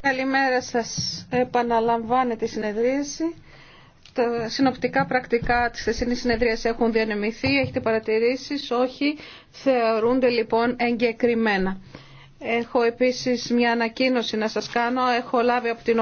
Καλημέρα σας. Επαναλαμβάνεται η συνεδρίαση. Τα συνοπτικά πρακτικά της θεσινής συνεδρίας έχουν διανεμηθεί. Έχετε παρατηρήσεις. Όχι. Θεωρούνται λοιπόν εγκεκριμένα. Έχω επίσης μια ανακοίνωση να σας κάνω. Έχω λάβει από την